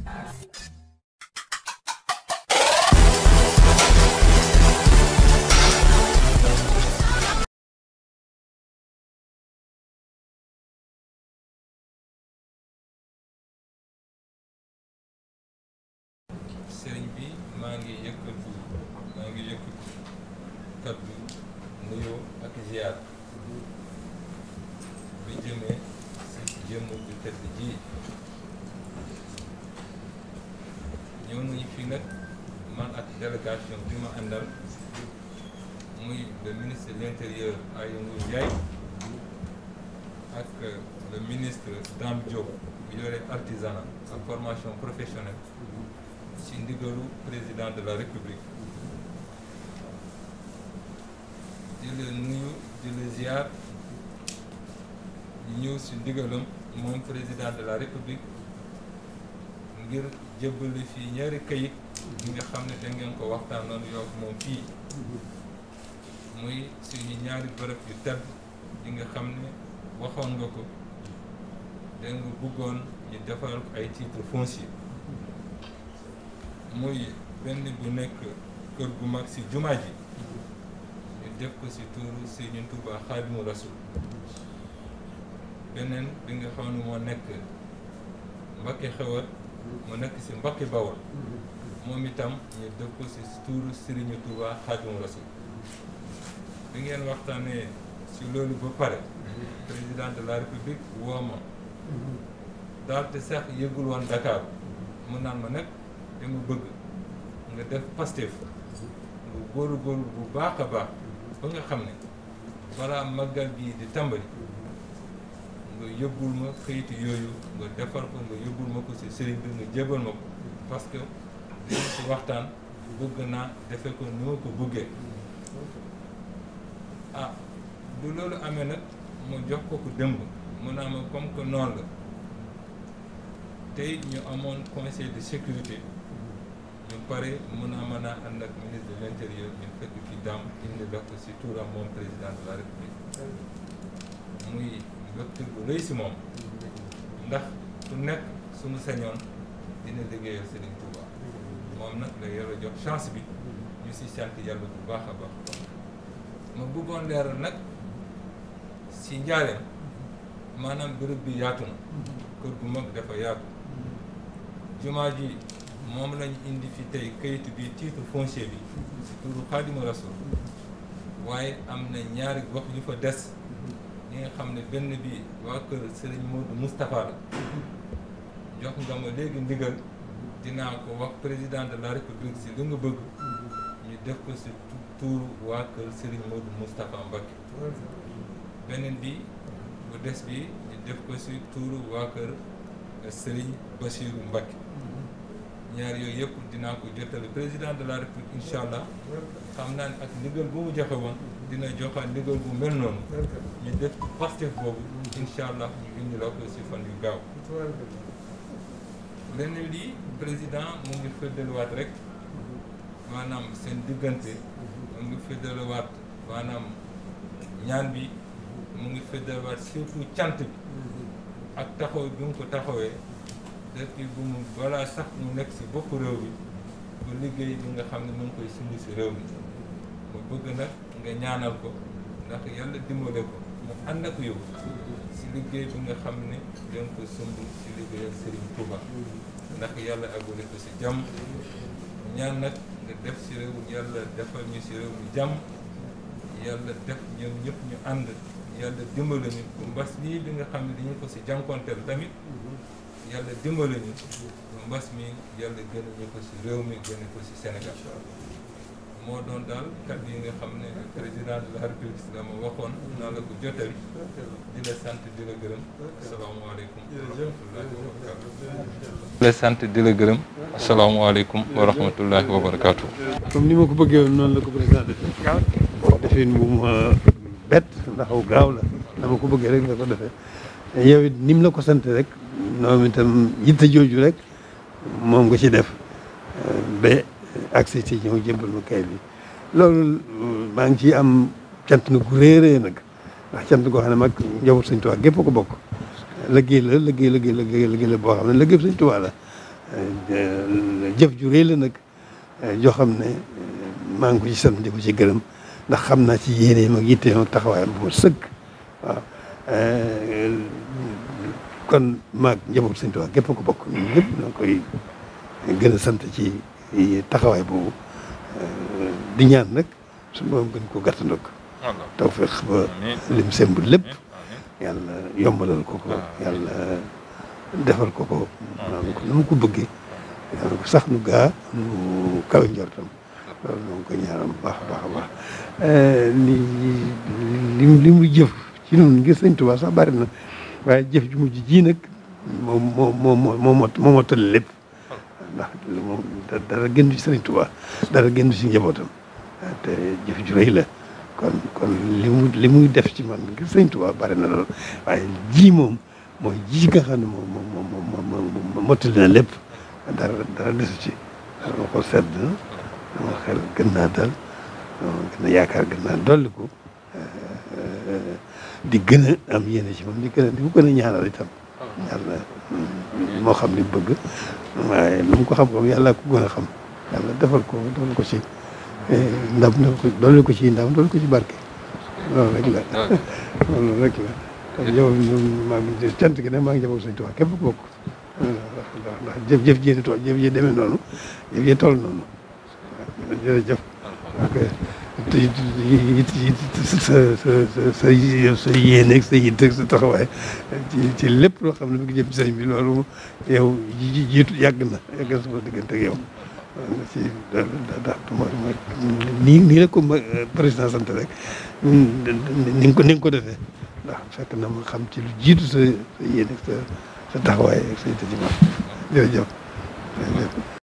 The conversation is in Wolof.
sëriñ bi maa ngi yëkkati maa ngi yëkkati kaddu nuyoo ak ziar bi jëmee si jëmm ju tedd ji bi nag man ak délégation bi ma àndal muy le ministre de l'intérieur Aly Ngouille Ndiaye ak euh, le ministre Dame Diop bu yore artisanat ak formation professionnelle ci ndigalu président de la république di nuyu di la ziar ñëw ci ndigalam moom président de la république ngir jébbali fii ñaari kayit yi nga xam ne da ngeen ko waxtaanoon yow moom fii muy suñu ñaari bërëb yu tedd yi nga xam ne waxoon nga ko da nga bëggoon ñu defar ay titre foncier muy benn bu nekk kër gu mag ci jumaa ji ñu def ko si tuuru Sëriñ Tuubaa Xaadimu Rasuul beneen bi nga xam ne moo nekk Mbakke xewat mu nekk si mbokki bawol moom itam ñu def ko si tuuru Serigne Touba Xaadimu Rasuul bi ngeen waxtaanee ci loolu ba pare président de la république woo ma daal te sax yëgul woon Dakar mu naan ma nag dama bëgg nga def Pastef nga góorgóorlu bu baax a baax ba nga xam ne balaa màggal bii di tàmbali nga yóbbul ma këyitu yooyu nga defar ko nga yóbbul ma ko si sëriñ bi nga jébal ma ko parce que dinañ si waxtaan bëgg naa defe ko noo ko bëggee ah bu loolu amee nag mu jox ko ku dëmb mu naa ma comme que noonu la tey ñu amoon conseil de sécurité ñu pare mun a mën a ànd ak ministre de l' ñu fekk fi daam indi dox si turam moom président de la muy mbégte bu si moom ndax su nekk suñu sañoon dina liggéeyal Serigne Touba moom nag la yàlla jox chance bi ñu si sant yàlla bu baax a baax ma bëggoon leeral nag si njaareem maanaam bërëb bi yaatu na kër gu mag dafa yaatu jumaa ji moom lañu indi fi tey kayitu bi titre foncier bi si turu Xaadimu Rasuul waaye am na ñaari gox yu fa des nga xam ne benn bi waa kër Serigne Modou Moustapha la jox nga ma léegi ndigal dinaa ko wax président de la république si li nga bëgg ñu def ko si tuur waa kër Serigne Modou Moustapha Mbacké beneen bi bu des bi ñu def ko si tuur waa kër euh, Serigne Bassirou Mbacké ñaar yooyu yëpp dinaa ko jottali président de la république incha allah xam naa ne ak ndigal bu mu joxe woon dina joxaat ndigal bu mel noonu ñu def pastef boobu incha allah ñu indi la ko si fan yu gaaw leneen lii président mu ngi fëddaliwaat rek maanaam seen diggante mhm. mu ngi fëddaliwaat maanaam ñaan bi mu ngi fëddaliwaat surtout cant bi mhm. ak taxaw bi mu ko taxawee depuis bu mu balaa sax mu nekk si bopp réew bi bu liggéey bi nga xam ne mu koy sindi si réew mi mu bëgg nag nga ñaanal ko ndax yàlla dimbale ko mu ànd ak yow si liggéey bi nga xam ne da ko sumb si liggéeyal Serigne Touba ndax yàlla agule ko si jàmm ñaan nag nga def si réew yàlla defal ñu si réew mi jàmm yàlla def ñoom ñëpp ñu ànd yàlla dimbale ñu bu mbas lii bi xam ne dañu ko si jànkonteel tamit yàlla dimbale ñu mi yàlla gën ñu ko si réew mi gën ko si Sénégal moo doon daal kàddu yi xam ne président de la république dama waxoon naa la ko joteel di la sant di la gërëm asalaamaaleykum wa rahmatullahi wa barakaatu di la sant di la gërëm asalaamaaleykum wa rahmatullahi wa barakaatu comme ni ma ko bëggee woon noonu la ko président def defin bu ma euh, bett ndax aw gaaw la dama ko bëggee rek la ko defee yow it ni mu la ko sant rek noonu itam yitte jooju rek moom nga ci def euh, ba agsi ci ñëw jëmbal ma kay bi loolu maa ngi ciy am cant na gu réerée nag ndax cant goo xam ne mag njabootu Sëñ Tuubaa gépp ko bokk liggéey la liggéey liggéey liggéey liggéey la boo xam ne liggéey Sëñ Tuubaa la jëf ju réy la nag joo xam ne maa ngi ko ci sant di ko ci gërëm ndax xam naa ci yéene mag yitteem ak taxawaayam bu sëkk waaw kon maag njabootu Sëñ Tuubaa gépp ko bokk ñun ñëpp na koy gën a sant ci taxawaay boobu di ñaan nag su ma gën ko gàttandoog. tawfeex ba lim sëmb lépp. yàlla yombalal ko ko. yàlla defal ko ko. ko ni ko bëggee. yàlla ko sax nu gaa nu kawe njortam. loolu moom eh, li li li mu jëf ci noonu ngir sëñ Tuubaa sax bari na waaye jëf ju mujj ji nag moom moo moo moo moo motal lépp dara gëndu ci sëñ Tuubaa dara gëndu njabootam. te jëf ju la kon kon li mu li def ci man ngir sëñ Tuubaa bare na lool waaye ji moom mooy ji nga xam ne moom moom moom moom mottali na lépp dara sedd dama xel gën naa dal gën a yaakaar gën naa dolliku di gën a am yéene ci moom di gën a di ko gën a ñaanal itam yàlla mm, moo xam li bëgg waaye ko xam ko yàlla ku gën a xam yàlla defal ko defal ko ci ndam doole ko ci ndam ko ci barke loolu rek la loolu rek la kon yow maa cant gi nag maa ngi jabog Sëñ Tuubaa képp ku bokk ndax jëf jëf ji tool jëf ji demee noonu jëf ji toll noonu jërëjëf ak sa sa sa yéene ak sa yitte ak sa taxawaay ci ci lépp loo xam ne mi ngi bi loolu yow jiitu ji na yàgg na sama diggante ak yow ci ndax nii nii la ko euh, président sant rek mm, ni nga ko ni nga ko defee ndax fekk na ma xam ci lu jiitu sa sa sa sa taxawaay ak sa yite